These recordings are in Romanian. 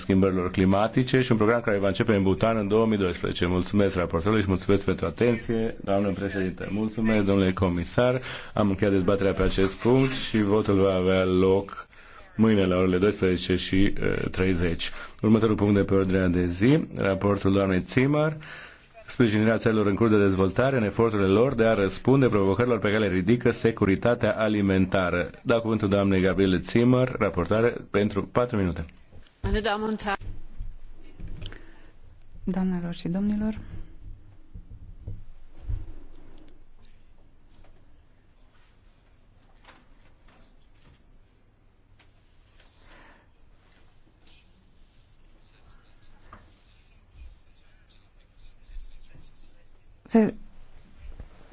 schimbărilor climatice și un program care va începe în Butan în 2012. Mulțumesc raportorului și mulțumesc pentru atenție, doamnă președinte. Mulțumesc, domnule comisar. Am încheiat dezbaterea pe acest punct și votul va avea loc mâine la orele 12 și 30. Uh, Următorul punct de pe ordinea de zi, raportul doamnei Țimar, sprijinirea țărilor în curs de dezvoltare în eforturile lor de a răspunde provocărilor pe care le ridică securitatea alimentară. Da cuvântul doamnei Gabriele Țimăr, raportare pentru 4 minute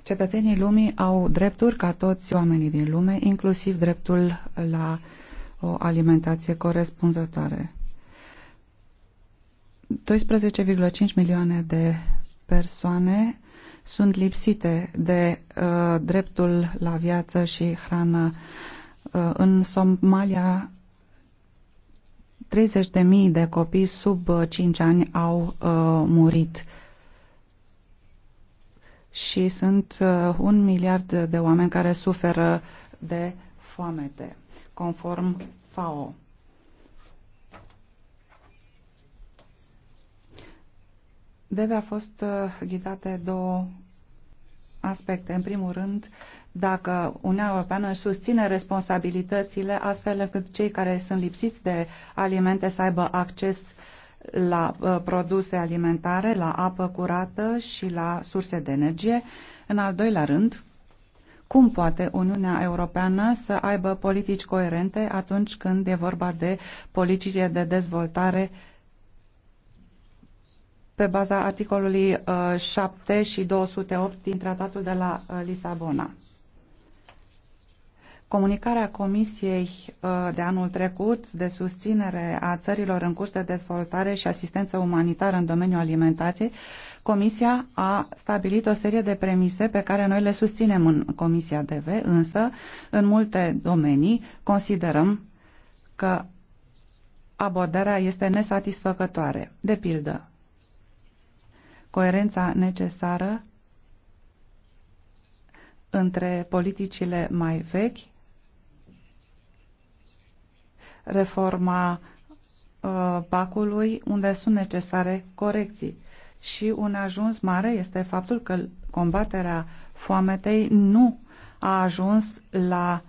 cetățenii lumii au drepturi ca toți oamenii din lume, inclusiv dreptul la o alimentație corespunzătoare. 12,5 milioane de persoane sunt lipsite de uh, dreptul la viață și hrană. Uh, în Somalia, 30.000 de copii sub uh, 5 ani au uh, murit și sunt uh, un miliard de oameni care suferă de foamete, conform FAO. Deve a fost uh, ghidate două aspecte. În primul rând, dacă Uniunea Europeană își susține responsabilitățile astfel încât cei care sunt lipsiți de alimente să aibă acces la uh, produse alimentare, la apă curată și la surse de energie. În al doilea rând, cum poate Uniunea Europeană să aibă politici coerente atunci când e vorba de politici de dezvoltare pe baza articolului 7 uh, și 208 din Tratatul de la uh, Lisabona. Comunicarea Comisiei uh, de anul trecut de susținere a țărilor în curs de dezvoltare și asistență umanitară în domeniul alimentației, Comisia a stabilit o serie de premise pe care noi le susținem în Comisia DV, însă în multe domenii considerăm că abordarea este nesatisfăcătoare. De pildă, coerența necesară între politicile mai vechi, reforma uh, unde sunt necesare corecții. Și un ajuns mare este faptul că combaterea foametei nu a ajuns la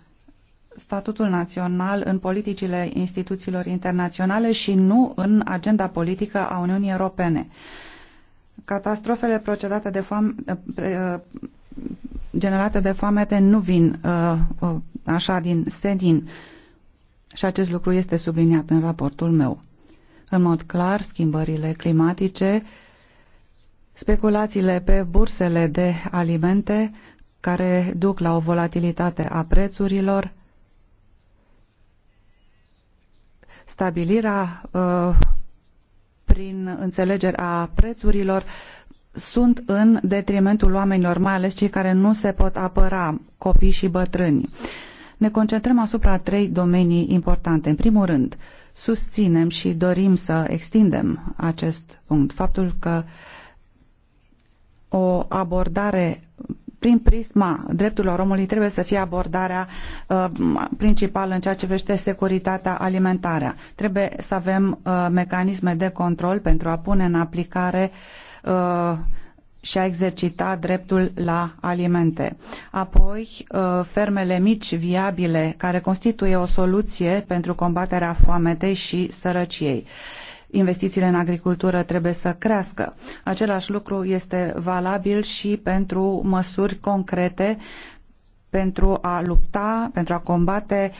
statutul național în politicile instituțiilor internaționale și nu în agenda politică a Uniunii Europene. Uh, Catastrofele procedate de foame, uh, generate de foamete nu vin uh, uh, așa din senin și acest lucru este subliniat în raportul meu. În mod clar, schimbările climatice, speculațiile pe bursele de alimente care duc la o volatilitate a prețurilor, stabilirea uh, prin înțelegerea prețurilor sunt în detrimentul oamenilor, mai ales cei care nu se pot apăra, copii și bătrâni. Ne concentrăm asupra trei domenii importante. În primul rând, susținem și dorim să extindem acest punct. Faptul că o abordare prin prisma drepturilor omului trebuie să fie abordarea uh, principală în ceea ce privește securitatea alimentară. Trebuie să avem uh, mecanisme de control pentru a pune în aplicare uh, și a exercita dreptul la alimente. Apoi, uh, fermele mici viabile, care constituie o soluție pentru combaterea foametei și sărăciei investițiile în agricultură trebuie să crească. Același lucru este valabil și pentru măsuri concrete pentru a lupta, pentru a combate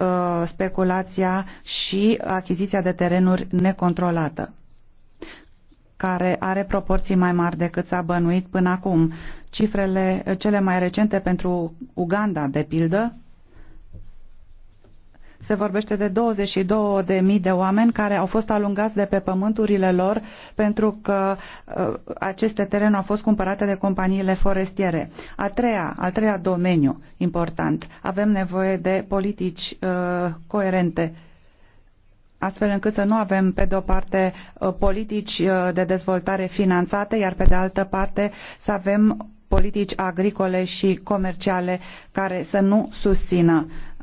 uh, speculația și achiziția de terenuri necontrolată care are proporții mai mari decât s-a bănuit până acum. Cifrele cele mai recente pentru Uganda, de pildă, se vorbește de 22.000 de oameni care au fost alungați de pe pământurile lor pentru că uh, aceste terenuri au fost cumpărate de companiile forestiere. A treia, al treia domeniu important. Avem nevoie de politici uh, coerente astfel încât să nu avem, pe de o parte, uh, politici uh, de dezvoltare finanțate, iar pe de altă parte să avem politici agricole și comerciale care să nu susțină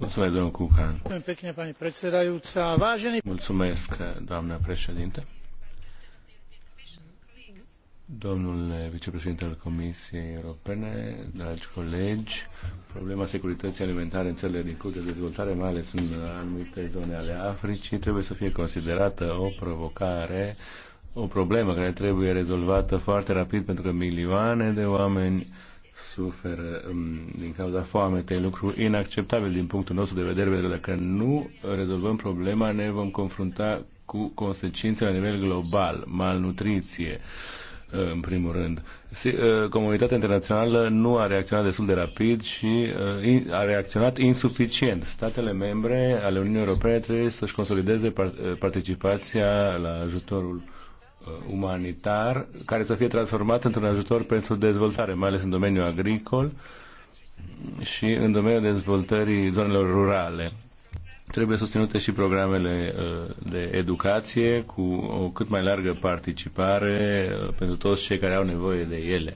Mulțumesc, Mulțumesc, Domnule vicepreședinte al Comisiei Europene, dragi colegi, problema securității alimentare în țările din curs de dezvoltare, mai ales în anumite zone ale Africii, trebuie să fie considerată o provocare, o problemă care trebuie rezolvată foarte rapid pentru că milioane de oameni suferă um, din cauza foametei, lucru inacceptabil din punctul nostru de vedere, pentru că dacă nu rezolvăm problema, ne vom confrunta cu consecințe la nivel global, malnutriție, uh, în primul rând. Uh, comunitatea internațională nu a reacționat destul de rapid și uh, a reacționat insuficient. Statele membre ale Uniunii Europene trebuie să-și consolideze participația la ajutorul Uh, umanitar care să fie transformat într-un ajutor pentru dezvoltare, mai ales în domeniul agricol și în domeniul dezvoltării zonelor rurale. Trebuie susținute și programele uh, de educație cu o cât mai largă participare uh, pentru toți cei care au nevoie de ele.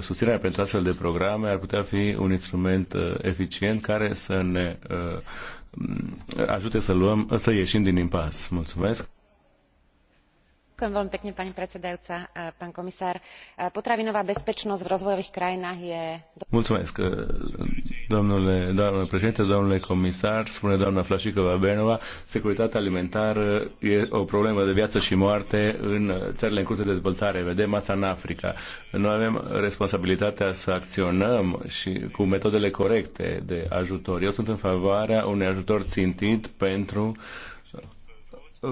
Susținerea pentru astfel de programe ar putea fi un instrument eficient care să ne ajute să luăm, să ieșim din impas. Mulțumesc! potravinová bezpečnosť v rozvojových krajinách je. Mulțumesc, eh, domnule, doamnă președinte, domnule comisar, spune doamna Flașicova Benova, securitatea alimentară e o problemă de viață și moarte în țările în curs de dezvoltare. Vedem asta în Africa. Noi avem responsabilitatea să acționăm și cu metodele corecte de ajutor. Eu sunt în favoarea unui ajutor țintit pentru uh,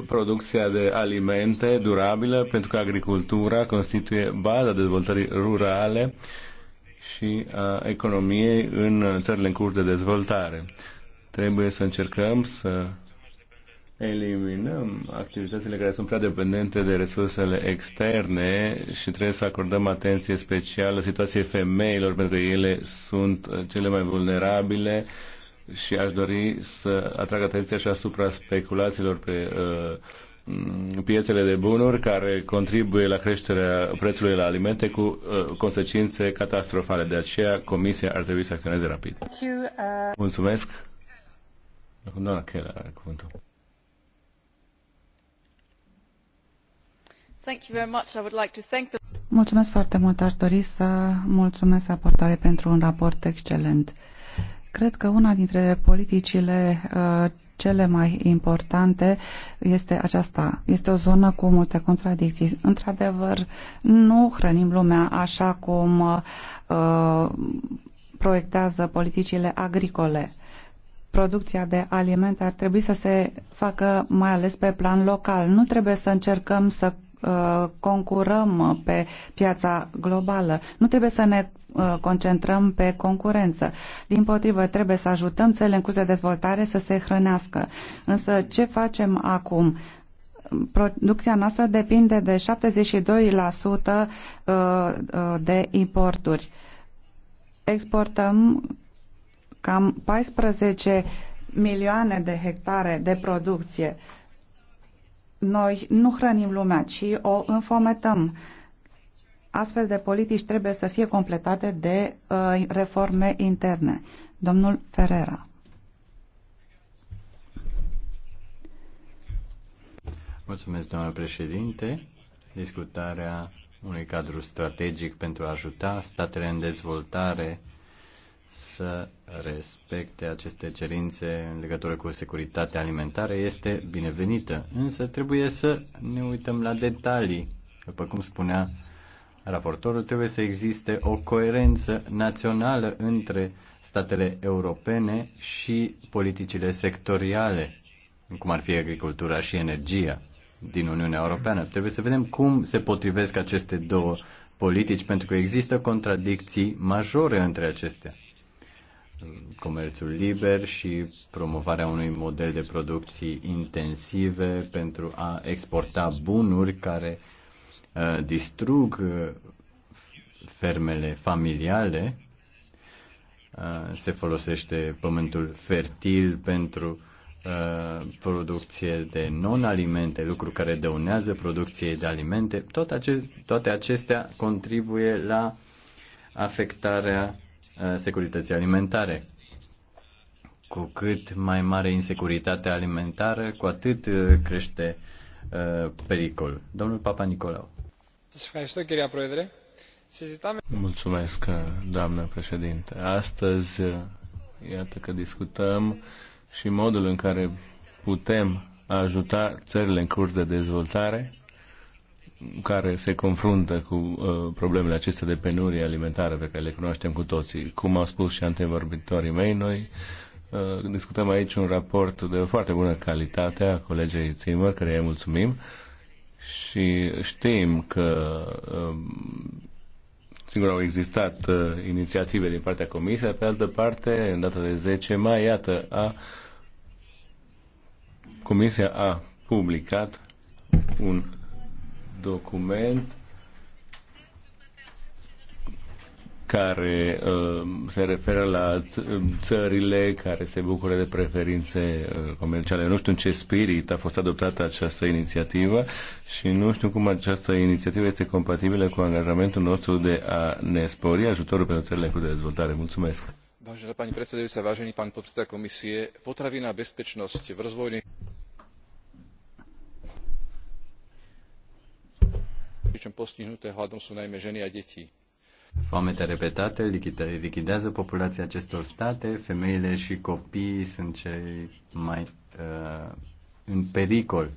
producția de alimente durabile, pentru că agricultura constituie baza dezvoltării rurale și a economiei în țările în curs de dezvoltare. Trebuie să încercăm să eliminăm activitățile care sunt prea dependente de resursele externe și trebuie să acordăm atenție specială situației femeilor, pentru că ele sunt cele mai vulnerabile și aș dori să atrag atenția și asupra speculațiilor pe uh, piețele de bunuri care contribuie la creșterea prețului la alimente cu uh, consecințe catastrofale. De aceea Comisia ar trebui să acționeze rapid. Uh, mulțumesc. Doamna Keller are cuvântul. Mulțumesc foarte mult. Aș dori să mulțumesc aportare pentru un raport excelent. Cred că una dintre politicile uh, cele mai importante este aceasta. Este o zonă cu multe contradicții. Într-adevăr, nu hrănim lumea așa cum uh, proiectează politicile agricole. Producția de alimente ar trebui să se facă mai ales pe plan local. Nu trebuie să încercăm să Uh, concurăm pe piața globală. Nu trebuie să ne uh, concentrăm pe concurență. Din potrivă, trebuie să ajutăm țările în curs de dezvoltare să se hrănească. Însă, ce facem acum? producția noastră depinde de 72% uh, de importuri. Exportăm cam 14 milioane de hectare de producție noi nu hrănim lumea, ci o înfometăm. Astfel de politici trebuie să fie completate de uh, reforme interne. Domnul Ferrera. Mulțumesc, doamnă președinte. Discutarea unui cadru strategic pentru a ajuta statele în dezvoltare să respecte aceste cerințe în legătură cu securitatea alimentară este binevenită, însă trebuie să ne uităm la detalii. După cum spunea raportorul, trebuie să existe o coerență națională între statele europene și politicile sectoriale, cum ar fi agricultura și energia din Uniunea Europeană. Trebuie să vedem cum se potrivesc aceste două politici, pentru că există contradicții majore între acestea comerțul liber și promovarea unui model de producții intensive pentru a exporta bunuri care uh, distrug uh, fermele familiale. Uh, se folosește pământul fertil pentru producție de non-alimente, lucru care dăunează producției de alimente. Tot ace- toate acestea contribuie la afectarea securității alimentare. Cu cât mai mare insecuritatea alimentară, cu atât crește pericol. Domnul Papa Nicolau. Mulțumesc, doamnă președinte. Astăzi, iată că discutăm și modul în care putem ajuta țările în curs de dezvoltare care se confruntă cu uh, problemele acestea de penurie alimentară pe care le cunoaștem cu toții. Cum au spus și antevorbitorii mei, noi uh, discutăm aici un raport de foarte bună calitate a colegei Zimmer, care îi mulțumim și știm că uh, Sigur, au existat uh, inițiative din partea Comisiei, pe altă parte, în data de 10 mai, iată, a, Comisia a publicat un document care uh, se referă la țările care se bucură de preferințe uh, comerciale. Nu știu în ce spirit a fost adoptată această inițiativă și nu știu cum această inițiativă este compatibilă cu angajamentul nostru de a ne spori ajutorul pentru țările cu dezvoltare. Mulțumesc! Vážená pani predsedajúca, vážený pán podpredseda komisie, potravina bezpečnosť v rozvojných pričom postihnuté hladom sú najmä ženy a deti. Foamete repetate lichidează populația acestor state, femeile și copiii sunt cei mai uh, în pericol.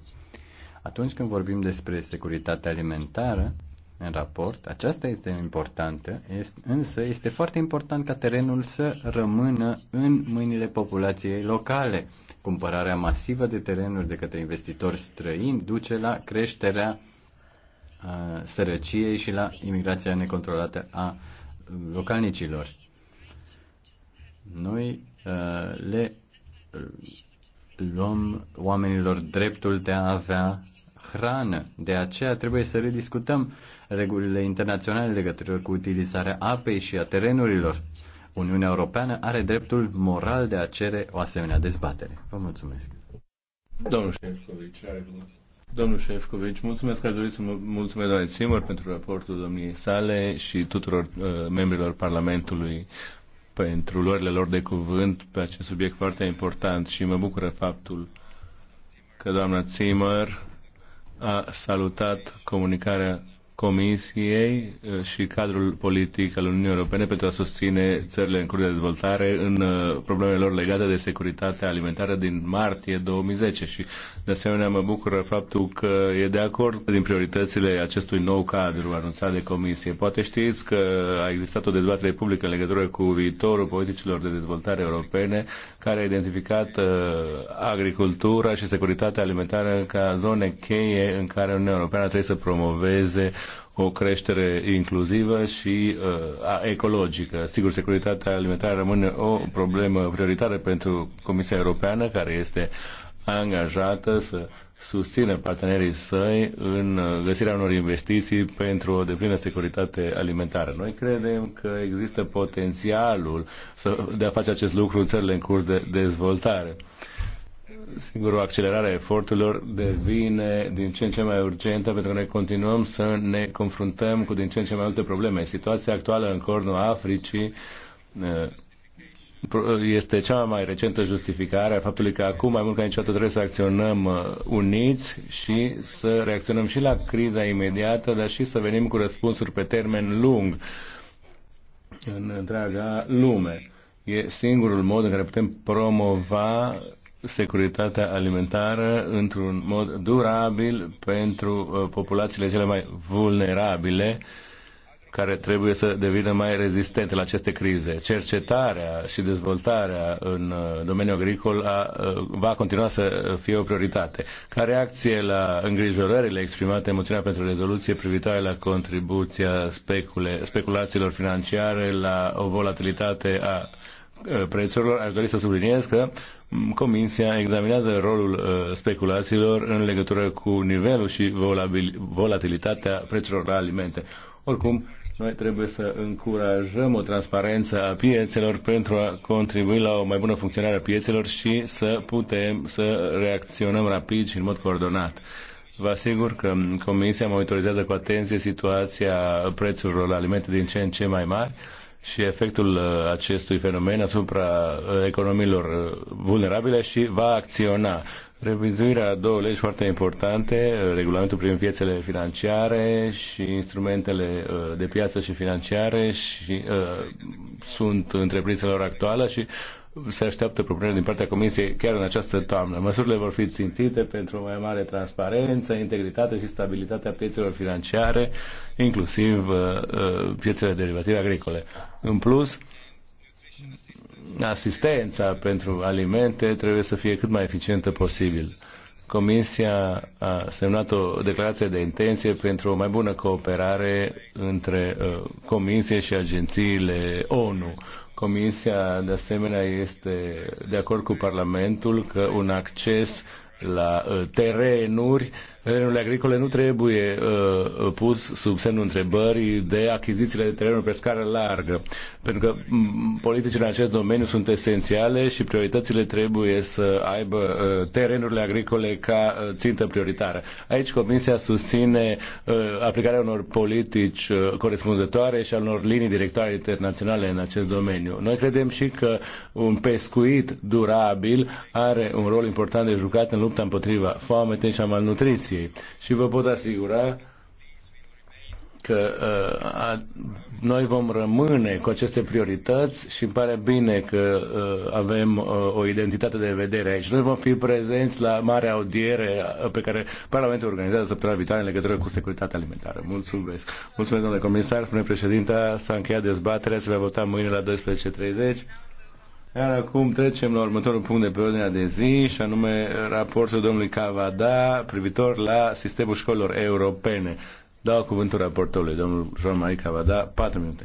Atunci când vorbim despre securitatea alimentară, în raport, aceasta este importantă, este, însă este foarte important ca terenul să rămână în mâinile populației locale. Cumpărarea masivă de terenuri de către investitori străini duce la creșterea sărăciei și la imigrația necontrolată a localnicilor. Noi le luăm oamenilor dreptul de a avea hrană. De aceea trebuie să rediscutăm regulile internaționale legătură cu utilizarea apei și a terenurilor. Uniunea Europeană are dreptul moral de a cere o asemenea dezbatere. Vă mulțumesc. Domnul Șefcovici, are Domnul Șefcovici, mulțumesc că ați dorit să mulțumesc doamnei Simor pentru raportul domniei sale și tuturor uh, membrilor Parlamentului pentru luările lor de cuvânt pe acest subiect foarte important și mă bucură faptul că doamna Țimăr a salutat comunicarea Comisiei uh, și cadrul politic al Uniunii Europene pentru a susține țările în curs de dezvoltare în uh, problemele lor legate de securitatea alimentară din martie 2010 și de asemenea mă bucură faptul că e de acord din prioritățile acestui nou cadru anunțat de Comisie. Poate știți că a existat o dezbatere publică în legătură cu viitorul politicilor de dezvoltare europene care a identificat uh, agricultura și securitatea alimentară ca zone cheie în care Uniunea Europeană trebuie să promoveze o creștere inclusivă și uh, ecologică. Sigur, securitatea alimentară rămâne o problemă prioritară pentru Comisia Europeană, care este angajată să susțină partenerii săi în uh, găsirea unor investiții pentru o deplină securitate alimentară. Noi credem că există potențialul să, de a face acest lucru în țările în curs de dezvoltare. Uh, Sigur, o accelerare a eforturilor devine din ce în ce mai urgentă pentru că noi continuăm să ne confruntăm cu din ce în ce mai multe probleme. Situația actuală în cornul Africii eh, este cea mai recentă justificare a faptului că acum mai mult ca niciodată trebuie să acționăm eh, uniți și să reacționăm și la criza imediată, dar și să venim cu răspunsuri pe termen lung în întreaga lume. E singurul mod în care putem promova securitatea alimentară într-un mod durabil pentru uh, populațiile cele mai vulnerabile care trebuie să devină mai rezistente la aceste crize. Cercetarea și dezvoltarea în uh, domeniul agricol a, uh, va continua să fie o prioritate. Ca reacție la îngrijorările exprimate în moțiunea pentru rezoluție privitoare la contribuția specule, speculațiilor financiare la o volatilitate a prețurilor, aș dori să subliniez că Comisia examinează rolul uh, speculațiilor în legătură cu nivelul și volatilitatea prețurilor la alimente. Oricum, noi trebuie să încurajăm o transparență a piețelor pentru a contribui la o mai bună funcționare a piețelor și să putem să reacționăm rapid și în mod coordonat. Vă asigur că Comisia monitorizează cu atenție situația prețurilor la alimente din ce în ce mai mari și efectul uh, acestui fenomen asupra uh, economiilor uh, vulnerabile și va acționa. Revizuirea a două legi foarte importante, regulamentul privind piețele financiare și instrumentele de piață și financiare și uh, sunt întreprinselor actuală și se așteaptă propunere din partea Comisiei chiar în această toamnă. Măsurile vor fi țintite pentru o mai mare transparență, integritate și stabilitatea piețelor financiare, inclusiv uh, uh, piețele derivative agricole. În plus, asistența pentru alimente trebuie să fie cât mai eficientă posibil. Comisia a semnat o declarație de intenție pentru o mai bună cooperare între uh, Comisie și agențiile ONU. Comisia, de asemenea, este de acord cu Parlamentul că un acces la uh, terenuri, terenurile agricole nu trebuie uh, pus sub semnul întrebării de achizițiile de terenuri pe scară largă, pentru că politicile în acest domeniu sunt esențiale și prioritățile trebuie să aibă uh, terenurile agricole ca uh, țintă prioritară. Aici Comisia susține uh, aplicarea unor politici uh, corespunzătoare și al unor linii directoare internaționale în acest domeniu. Noi credem și că un pescuit durabil are un rol important de jucat în lupta lupta împotriva foametei și a malnutriției. Și vă pot asigura că uh, a, noi vom rămâne cu aceste priorități și îmi pare bine că uh, avem uh, o identitate de vedere aici. Noi vom fi prezenți la mare audiere uh, pe care Parlamentul organizează săptămâna viitoare în legătură cu securitatea alimentară. Mulțumesc. Mulțumesc, domnule comisar. Spune președinta, s-a încheiat dezbaterea, se va vota mâine la 12.30. Iar acum trecem la următorul punct de pe ordinea de zi, și anume raportul domnului Cavada privitor la sistemul școlilor europene. Dau cuvântul raportului domnul Jean-Marie Cavada, 4 minute.